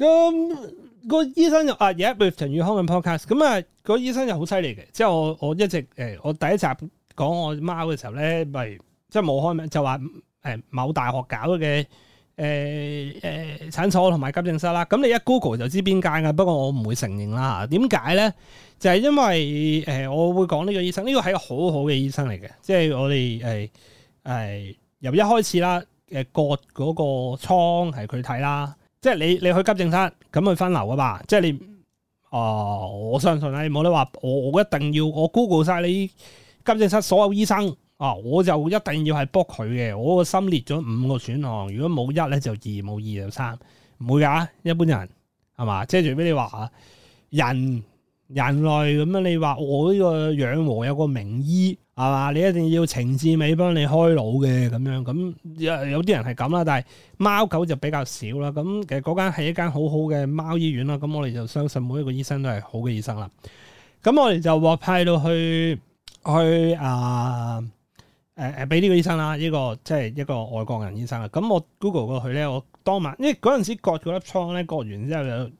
咁個醫生又啊，而家做陳宇康嘅 podcast，咁啊個醫生就好犀利嘅。 即係我我一直誒，我第一集講我貓嘅時候咧，咪即係冇開名，就話、是、誒某大學搞嘅誒誒診所同埋急症室啦。咁你一 Google 就知邊間噶。不過我唔會承認啦嚇。點解咧？就係、是、因為誒，我會講呢個醫生，呢、這個係一個好好嘅醫生嚟嘅。即係我哋誒誒由一開始啦，誒割嗰個瘡係佢睇啦。即係你，你去急症室咁去分流噶嘛？即係你，啊、呃，我相信啦，你冇得話，我我一定要，我 Google 晒你急症室所有醫生，啊、呃，我就一定要係 book 佢嘅。我個心列咗五個選項，如果冇一咧就二，冇二就三，唔會噶，一般人係嘛？即係最屘你話人。人類咁樣，你話我呢個養和有個名醫係嘛？你一定要程志美幫你開腦嘅咁樣，咁有啲人係咁啦。但係貓狗就比較少啦。咁其實嗰間係一間好好嘅貓醫院啦。咁我哋就相信每一個醫生都係好嘅醫生啦。咁我哋就話派到去去啊誒誒，俾呢個醫生啦，呢個即係一個外國人醫生啦。咁我 Google 過去咧，我當晚因為嗰陣時割嗰粒瘡咧，割完之後就。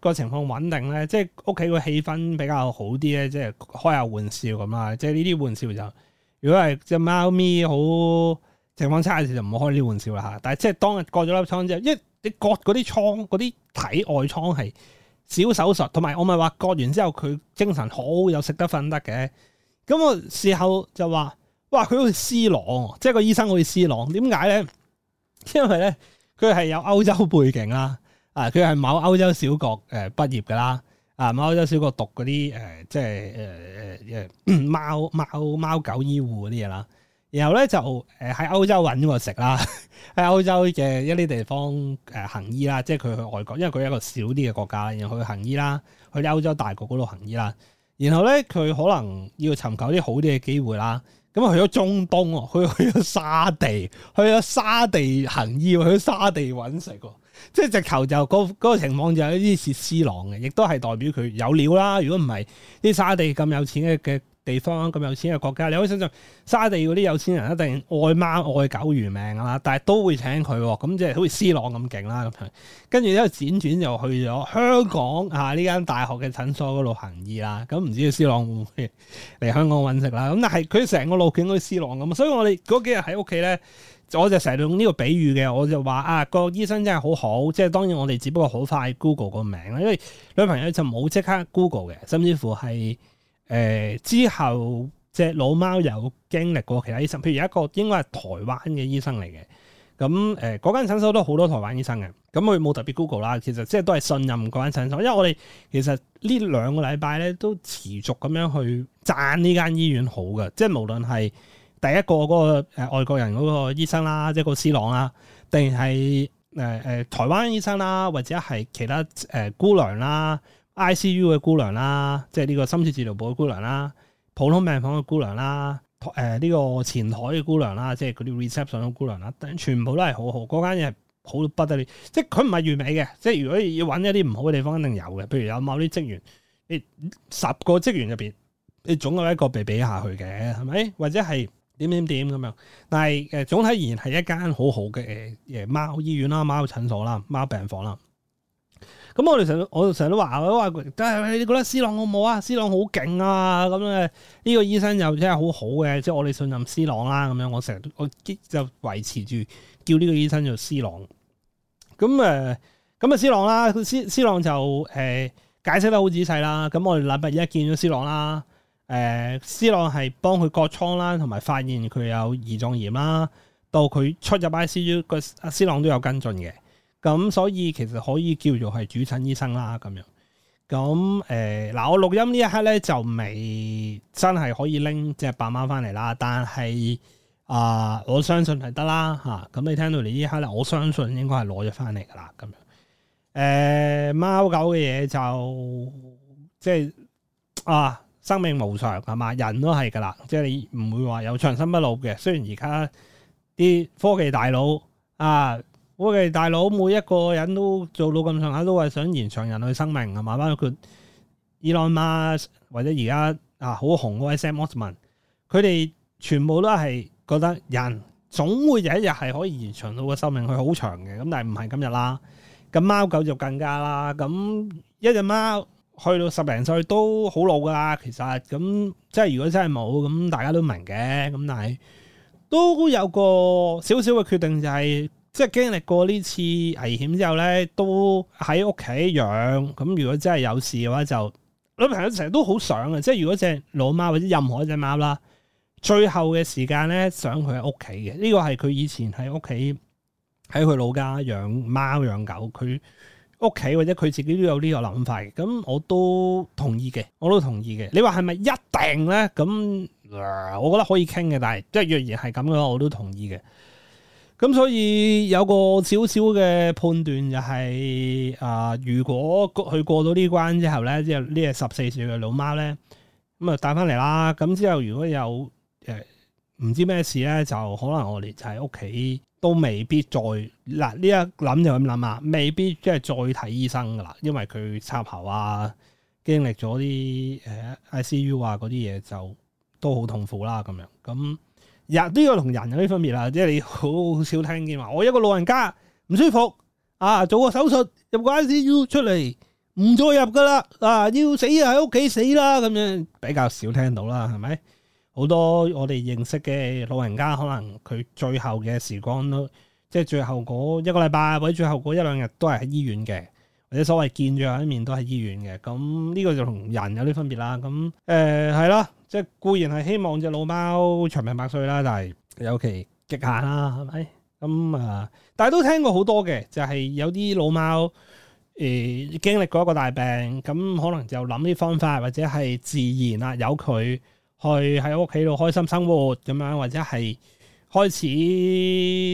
個情況穩定咧，即係屋企個氣氛比較好啲咧，即係開下玩笑咁啦。即係呢啲玩笑就，如果係隻貓咪好情況差嘅時候，就唔好開呢啲玩笑啦吓。但係即係當日割咗粒瘡之後，一你割嗰啲瘡，嗰啲體外瘡係小手術，同埋我咪話割完之後佢精神好，有食得瞓得嘅。咁我事後就話，哇佢好似 C 朗，即係個醫生好似 C 朗，點解咧？因為咧佢係有歐洲背景啦。啊！佢係某歐洲小國誒畢業嘅啦，啊！某歐洲小國讀嗰啲誒，即係誒誒誒貓貓貓狗醫護嗰啲嘢啦。呃、Somehow, 然後咧就誒喺 歐洲揾過食啦，喺歐洲嘅一啲地方誒行醫啦。即係佢去外國，因為佢一個少啲嘅國家，然後去行醫啦，去歐洲大國嗰度行醫啦。E, 然後咧佢可能要尋求啲好啲嘅機會啦。咁去咗中東，去去咗沙地，去咗沙地行醫，去咗沙地揾食。即係直頭就嗰嗰個情況就有一啲似 C 朗嘅，亦都係代表佢有料啦。如果唔係，啲沙地咁有錢嘅嘅地方咁有錢嘅國家，你可以想象沙地嗰啲有錢人一定愛貓愛狗如命噶啦，但係都會請佢咁，即係好似 C 朗咁勁啦咁樣。跟住咧輾轉又去咗香港啊呢間大學嘅診所嗰度行醫啦。咁唔知道 C 朗會唔會嚟香港揾食啦？咁但係佢成個路徑都似 C 朗咁，所以我哋嗰幾日喺屋企咧。我就成日用呢個比喻嘅，我就話啊、個醫生真係好好，即係當然我哋只不過好快 Google 個名啦，因為女朋友就冇即刻 Google 嘅，甚至乎係誒、呃、之後隻老貓有經歷過其他醫生，譬如一個應該係台灣嘅醫生嚟嘅，咁誒嗰間診所都好多台灣醫生嘅，咁佢冇特別 Google 啦，其實即係都係信任嗰間診所，因為我哋其實呢兩個禮拜咧都持續咁樣去讚呢間醫院好嘅，即係無論係。第一個嗰個外國人嗰個醫生啦，即係個 C 朗啦，定係誒誒台灣醫生啦，或者係其他誒、呃、姑娘啦、ICU 嘅姑娘啦，即係呢個深切治療部嘅姑娘啦，普通病房嘅姑娘啦，誒、呃、呢、這個前台嘅姑娘啦，即係嗰啲 reception 嘅姑娘啦，全部都係好好，嗰間嘢好到不得了。即係佢唔係完美嘅，即係如果要揾一啲唔好嘅地方，一定有嘅。譬如有某啲職員，你十個職員入邊，你總有一個被比，比下去嘅，係咪？或者係？點點點咁樣，但係誒、呃，總體而言係一間好好嘅誒貓醫院啦，貓診所啦，貓病房啦。咁、啊、我哋成日，我成日都話，我都話，即、哎、係你覺得 C 朗好唔好啊？C 朗好勁啊！咁、呃、啊，呢、這個醫生又真係好好嘅，即係我哋信任 C 朗啦。咁樣，我成日我就維持住叫呢個醫生做 C 朗。咁誒，咁啊 C 朗啦，C C 朗就誒、呃、解釋得好仔細啦。咁我哋禮拜一見咗 C 朗啦。誒，C、呃、朗係幫佢割瘡啦，同埋發現佢有胰臟炎啦，到佢出入 I C U，個阿 C 朗都有跟進嘅，咁、嗯、所以其實可以叫做係主診醫生啦，咁、嗯、樣，咁、嗯、誒，嗱、嗯、我錄音呢一刻咧就未真係可以拎隻白貓翻嚟啦，但係啊、呃，我相信係得啦吓，咁、啊嗯、你聽到你呢一刻咧，我相信應該係攞咗翻嚟噶啦，咁、嗯、樣，誒、嗯，貓狗嘅嘢就即係、就是、啊。生命無常係嘛？人都係噶啦，即係你唔會話有長生不老嘅。雖然而家啲科技大佬啊，科技大佬每一個人都做到咁上下，都係想延長人類生命係嘛？包括 Elon Musk 嘛，或者而家啊好紅嘅 Sam Altman，佢哋全部都係覺得人總會有一日係可以延長到個壽命去好長嘅。咁但係唔係今日啦。咁貓狗就更加啦。咁一隻貓。去到十零歲都好老噶啦，其實咁即係如果真係冇咁，大家都明嘅。咁但係都有個少少嘅決定、就是，就係即係經歷過呢次危險之後咧，都喺屋企養。咁如果真係有事嘅話就，就女朋友成日都好想嘅。即係如果隻老貓或者任何一隻貓啦，最後嘅時間咧，想佢喺屋企嘅。呢、這個係佢以前喺屋企喺佢老家養貓養狗佢。屋企或者佢自己都有呢個諗法嘅，咁我都同意嘅，我都同意嘅。你話係咪一定咧？咁、呃、我覺得可以傾嘅，但係即係若然係咁嘅話，我都同意嘅。咁所以有個少少嘅判斷就係、是，啊、呃，如果佢過到呢關之後咧，即係呢個十四歲嘅老媽咧，咁啊帶翻嚟啦。咁之後如果有誒。呃唔知咩事咧，就可能我哋就喺屋企都未必再嗱呢一諗就咁諗啊，未必即係再睇醫生噶啦，因為佢插喉啊，經歷咗啲誒 ICU 啊嗰啲嘢就都好痛苦啦咁樣。咁日都要同人有啲分別啦，即係你好少聽見話我一個老人家唔舒服啊，做個手術入個 ICU 出嚟唔再入噶啦啊，要死就喺屋企死啦咁樣，比較少聽到啦，係咪？好多我哋認識嘅老人家，可能佢最後嘅時光都，即係最後嗰一個禮拜，或者最後嗰一兩日都係喺醫院嘅，或者所謂見咗一面都喺醫院嘅。咁呢個就同人有啲分別啦。咁誒係囉，即係固然係希望隻老貓長命百歲啦，但係有其極限啦，係咪？咁啊，嗯、但係都聽過好多嘅，就係、是、有啲老貓誒、呃、經歷過一個大病，咁可能就諗啲方法，或者係自然啊，有佢。去喺屋企度開心生活咁樣，或者係開始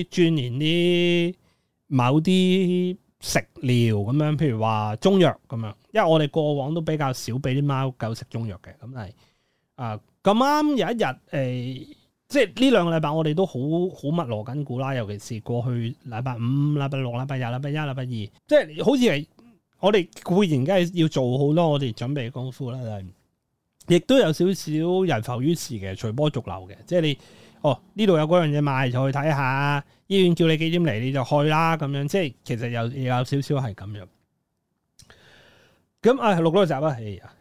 鑽研啲某啲食療咁樣，譬如話中藥咁樣。因為我哋過往都比較少俾啲貓狗食中藥嘅，咁係啊咁啱有一日誒、呃，即係呢兩個禮拜我哋都好好密鑼緊鼓啦，尤其是過去禮拜五、禮拜六、禮拜日、禮拜一、禮拜二，即係、就是、好似係我哋固然梗係要做好多我哋準備功夫啦，但係。亦都有少少人浮於事嘅，隨波逐流嘅，即係你哦呢度有嗰樣嘢賣就去睇下，醫院叫你幾點嚟你就去啦咁樣，即係其實又有，有少少係咁樣。咁啊錄多集啦。哎呀～